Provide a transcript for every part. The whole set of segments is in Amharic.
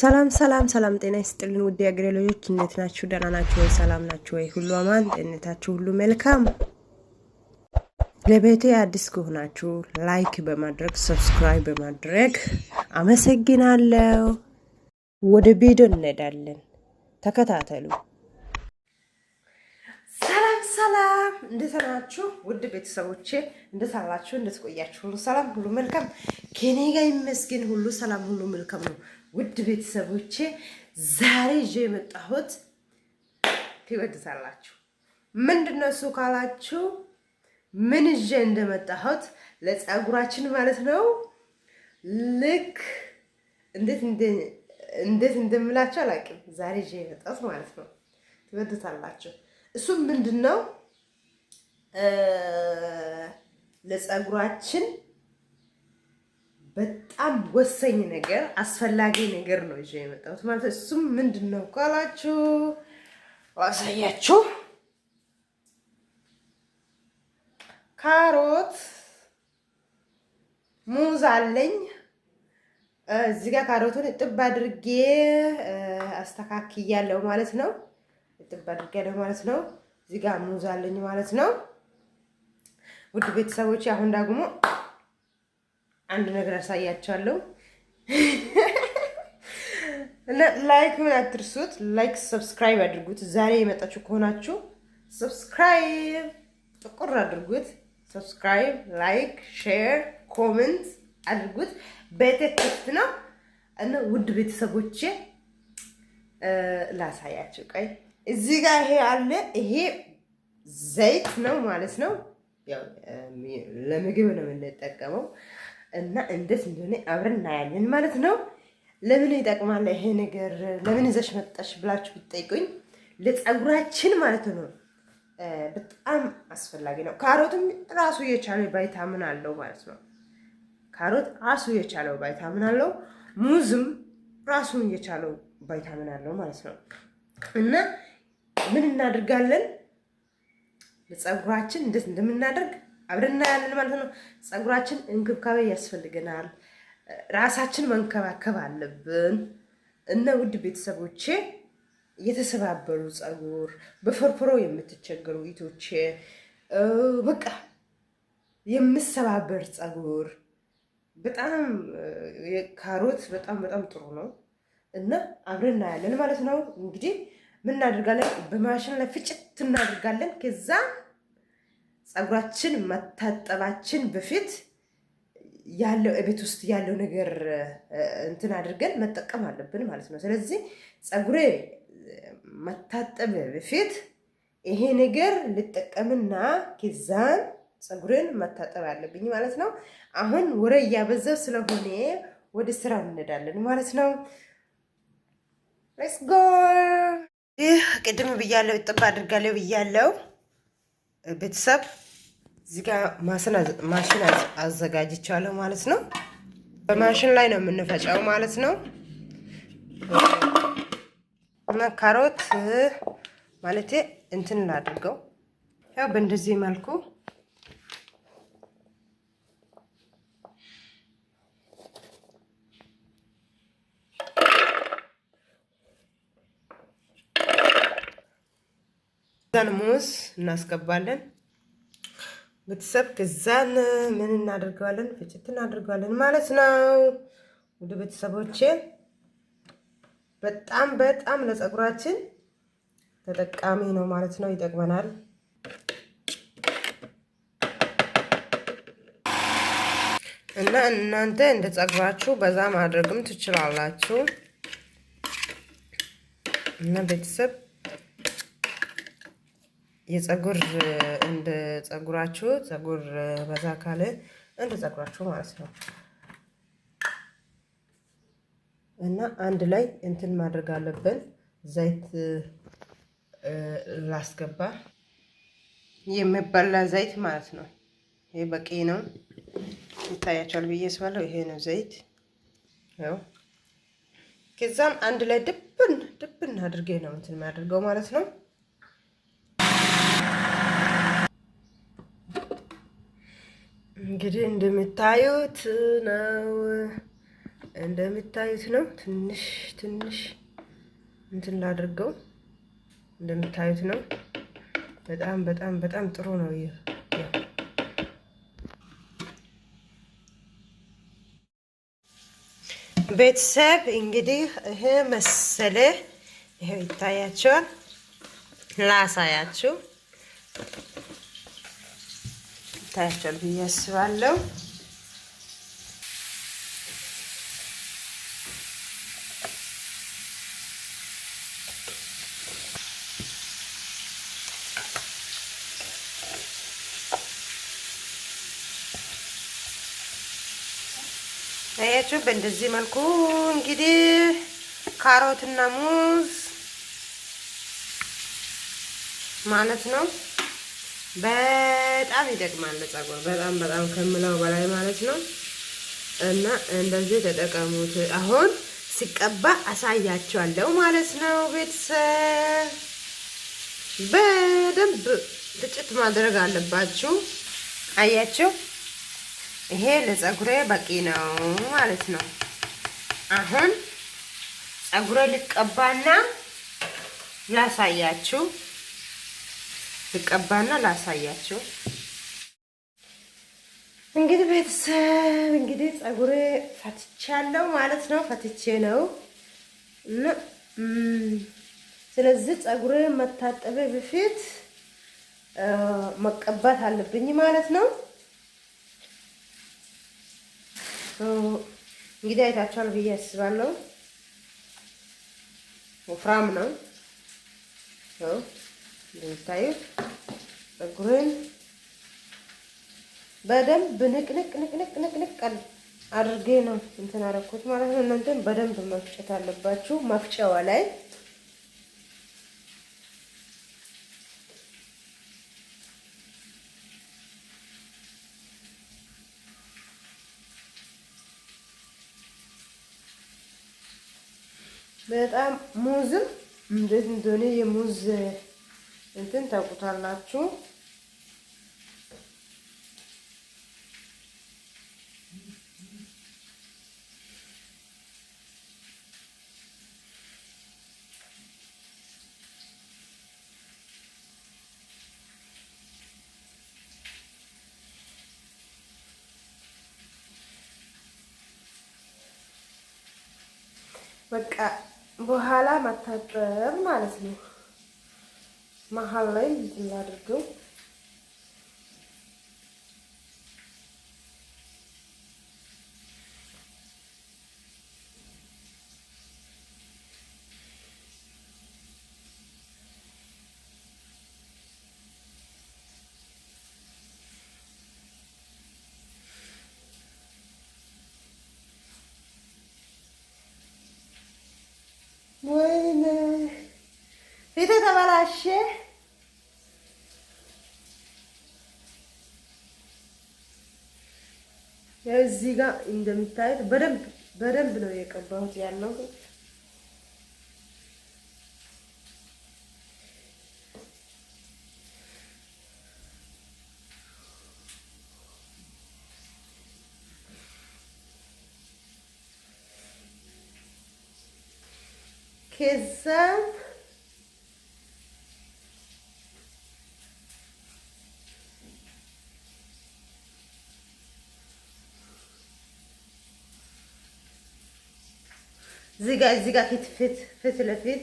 ሰላም ሰላም ሰላም፣ ጤና ይስጥልን ውድ የአገሬ ልጆች፣ እንዴት ናችሁ? ደህና ናችሁ ወይ? ሰላም ናችሁ ወይ? ሁሉ አማን፣ ጤንነታችሁ ሁሉ መልካም። ለቤቴ አዲስ ከሆናችሁ ላይክ በማድረግ ሰብስክራይብ በማድረግ አመሰግናለሁ። ወደ ቪዲዮ እንሄዳለን፣ ተከታተሉ። ሰላም ሰላም፣ እንዴት ናችሁ ውድ ቤተሰቦቼ? እንዴት አላችሁ? እንዴት ቆያችሁ? ሁሉ ሰላም፣ ሁሉ መልካም። ከኔ ጋር ይመስገን፣ ሁሉ ሰላም፣ ሁሉ መልካም ነው። ውድ ቤተሰቦቼ ዛሬ ይዤ የመጣሁት ትወድታላችሁ ምንድን ነው እሱ ካላችሁ ምን ይዤ እንደመጣሁት ለፀጉራችን ማለት ነው። ልክ እንዴት እንደምላችሁ አላውቅም። ዛሬ ይዤ የመጣሁት ማለት ነው። ትወድታላችሁ? እሱም ምንድን ነው ለፀጉራችን በጣም ወሳኝ ነገር አስፈላጊ ነገር ነው ይዤ የመጣሁት ማለት እሱም ምንድን ነው ካላችሁ አሳያችሁ ካሮት ሙዝ አለኝ እዚህ ጋር ካሮቱን እጥብ አድርጌ አስተካክያለሁ ማለት ነው እጥብ አድርጌያለሁ ማለት ነው እዚህ ጋር ሙዝ አለኝ ማለት ነው ውድ ቤተሰቦች አሁን ደግሞ አንድ ነገር አሳያቸዋለሁ ላይክ ምን አትርሱት። ላይክ ሰብስክራይብ አድርጉት። ዛሬ የመጣችሁ ከሆናችሁ ሰብስክራይብ ጥቁር አድርጉት። ሰብስክራይብ፣ ላይክ፣ ሼር፣ ኮመንት አድርጉት። ቤቴ ክፍት ነው እና ውድ ቤተሰቦቼ ላሳያችሁ። ቀይ እዚህ ጋር ይሄ አለ። ይሄ ዘይት ነው ማለት ነው። ያው ለምግብ ነው የምንጠቀመው። እና እንዴት እንደሆነ አብረን እናያለን ማለት ነው። ለምን ይጠቅማል ይሄ ነገር ለምን ይዘሽ መጣሽ ብላችሁ ብትጠይቁኝ ለፀጉራችን ማለት ነው በጣም አስፈላጊ ነው። ካሮትም ራሱ የቻለ ቫይታሚን አለው ማለት ነው። ካሮት ራሱ የቻለው ቫይታሚን አለው። ሙዝም ራሱን የቻለው ቫይታሚን አለው ማለት ነው። እና ምን እናደርጋለን ለፀጉራችን እንዴት እንደምናደርግ አብረን እናያለን ማለት ነው። ፀጉራችን እንክብካቤ ያስፈልገናል። ራሳችን መንከባከብ አለብን እና ውድ ቤተሰቦቼ የተሰባበሩ ፀጉር በፎርፎሮ የምትቸገሩ ኢቶቼ በቃ የምሰባበር ፀጉር በጣም ካሮት በጣም በጣም ጥሩ ነው እና አብረን እናያለን ማለት ነው። እንግዲህ ምን እናደርጋለን? በማሽን ላይ ፍጭት እናደርጋለን ከዛ ፀጉራችን መታጠባችን በፊት ያለው ቤት ውስጥ ያለው ነገር እንትን አድርገን መጠቀም አለብን ማለት ነው። ስለዚህ ጸጉሬ መታጠብ በፊት ይሄ ነገር ልጠቀምና ከዛን ጸጉሬን መታጠብ አለብኝ ማለት ነው። አሁን ወሬ እያበዛው ስለሆነ ወደ ስራ እንሄዳለን ማለት ነው። ሌትስ ጎ ይህ ቅድም ብያለው፣ ጥብ አድርጋለው ብያለው ቤተሰብ እዚህ ጋር ማሽን አዘጋጅቻለሁ ማለት ነው። በማሽን ላይ ነው የምንፈጨው ማለት ነው። ካሮት ማለት እንትን እናድርገው ያው በእንደዚህ መልኩ ከዛን ሙዝ እናስገባለን ቤተሰብ። ከዛን ምን እናደርገዋለን? ፍጭት እናደርገዋለን ማለት ነው። ወደ ቤተሰቦቼ በጣም በጣም ለፀጉራችን ተጠቃሚ ነው ማለት ነው። ይጠቅመናል። እና እናንተ እንደ ፀጉራችሁ በዛ ማድረግም ትችላላችሁ እና ቤተሰብ የጸጉር እንደ ጸጉራችሁ ጸጉር በዛ ካለ እንደ ጸጉራችሁ ማለት ነው እና አንድ ላይ እንትን ማድረግ አለብን። ዘይት ላስገባ የሚበላ ዘይት ማለት ነው። ይሄ በቂ ነው ይታያቸዋል ብዬ ስባለው ይሄ ነው ዘይት ው ከዛም አንድ ላይ ድብን ድብን አድርጌ ነው እንትን የሚያደርገው ማለት ነው። እንግዲህ እንደምታዩት ነው እንደምታዩት ነው። ትንሽ ትንሽ እንትን ላድርገው። እንደምታዩት ነው። በጣም በጣም በጣም ጥሩ ነው። ይህ ቤተሰብ እንግዲህ ይሄ መሰለ። ይሄ ይታያቸዋል። ላሳያችሁ ይታያቸዋል ብዬ አስባለሁ። አያችሁ በእንደዚህ መልኩ እንግዲህ እና ሙዝ ማለት ነው። በጣም ይጠቅማል ለጸጉር በጣም በጣም ከምለው በላይ ማለት ነው። እና እንደዚህ ተጠቀሙት። አሁን ሲቀባ አሳያቸዋለሁ ማለት ነው። ቤተሰብ በደንብ ትጭት ማድረግ አለባችሁ። አያችሁ፣ ይሄ ለጸጉሬ በቂ ነው ማለት ነው። አሁን ጸጉሬ ልቀባና ላሳያችሁ ልቀባና ላሳያቸው። እንግዲህ ቤተሰብ እንግዲህ ጸጉሬ ፈትቻለሁ ማለት ነው። ፈትቼ ነው ስለዚህ ጸጉሬ መታጠበ በፊት መቀባት አለብኝ ማለት ነው። እንግዲህ አይታችኋል ብዬ አስባለሁ። ወፍራም ነው። እንደምታዩት ፀጉሬን በደንብ ንቅንቅ ንቅንቅ ንቅንቅ አድርጌ ነው እንትን አደረኩት ማለት ነው። እናንተም በደንብ መፍጨት አለባችሁ። መፍጫዋ ላይ በጣም ሙዝም እንዴት እንደሆነ የሙዝ እንትን ታውቁታላችሁ። በቃ በኋላ መታጠብ ማለት ነው። mahalle gidiyorlardım. Wait. ፊት የተበላሸ እዚህ ጋር እንደምታዩት በደንብ በደንብ ነው የቀባሁት ያለው ከዛ زيكا زيكا كيتفت فت لفت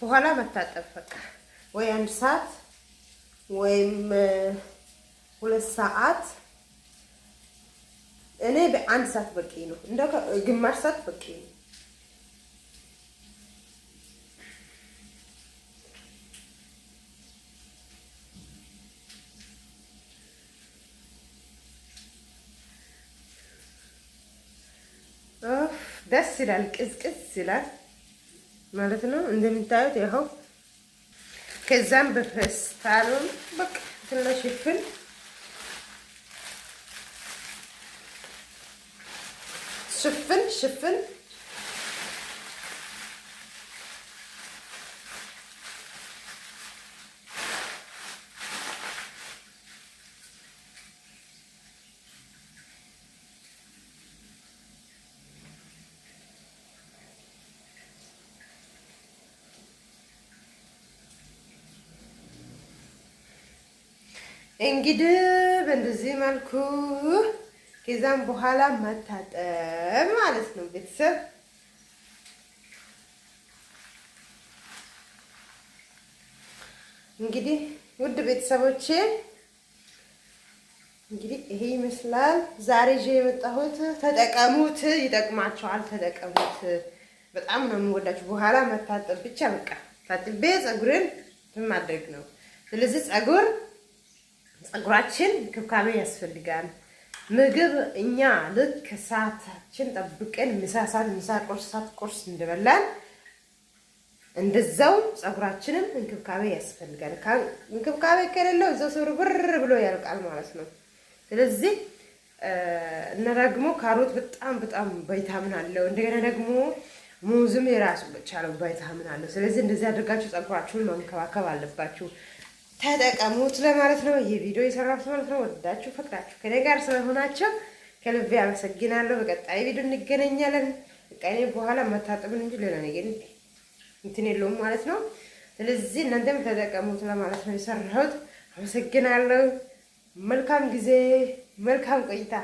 بوغلا متعطف بقى وي عند ساعات وين ሁለት ሰዓት እኔ በአንድ ሰዓት በቂ ነው እንደ ግማሽ ሰዓት በቂ ደስ ይላል፣ ቅዝቅዝ ይላል ማለት ነው። እንደምታዩት ይኸው። ከዛም በፌስታሉን በቃ ትንሽ ሽፍን ሽፍን ሽፍን እንግዲህ በእንደዚህ መልኩ ከዛም በኋላ መታጠብ ማለት ነው ቤተሰብ እንግዲህ ውድ ቤተሰቦቼ እንግዲህ ይሄ ይመስላል ዛሬ ይዤ የመጣሁት። ተጠቀሙት፣ ይጠቅማቸዋል። ተጠቀሙት። በጣም ነው የምወዳችሁ። በኋላ መታጠብ ብቻ በቃ ታጥቤ ፀጉርን ማድረግ ነው። ስለዚህ ፀጉር ጸጉራችን እንክብካቤ ያስፈልጋል። ምግብ እኛ ልክ ሰዓታችን ጠብቀን ምሳ ሰዓት ምሳ ቁርስ ሰዓት ቁርስ እንደበላን እንደዛው ፀጉራችንም እንክብካቤ ያስፈልጋል። እንክብካቤ ከሌለው እዛው ስብርብር ብሎ ያልቃል ማለት ነው። ስለዚህ እና ደግሞ ካሮት በጣም በጣም ቫይታሚን አለው። እንደገና ደግሞ ሙዝም የራሱ ብቻ ነው ቫይታሚን አለው። ስለዚህ እንደዚህ አድርጋችሁ ጸጉራችሁን መንከባከብ አለባችሁ። ተጠቀሙት ለማለት ነው። ይህ ቪዲዮ የሰራሁት ማለት ነው። ወዳችሁ ፈቅዳችሁ ከኔ ጋር ስለሆናችሁ ከልቤ አመሰግናለሁ። በቀጣይ ቪዲዮ እንገናኛለን። ቀኔ በኋላ መታጠብን እንጂ ሌላ ነገር እንትን የለውም ማለት ነው። ስለዚህ እናንተም ተጠቀሙት ለማለት ነው የሰራሁት። አመሰግናለሁ። መልካም ጊዜ፣ መልካም ቆይታ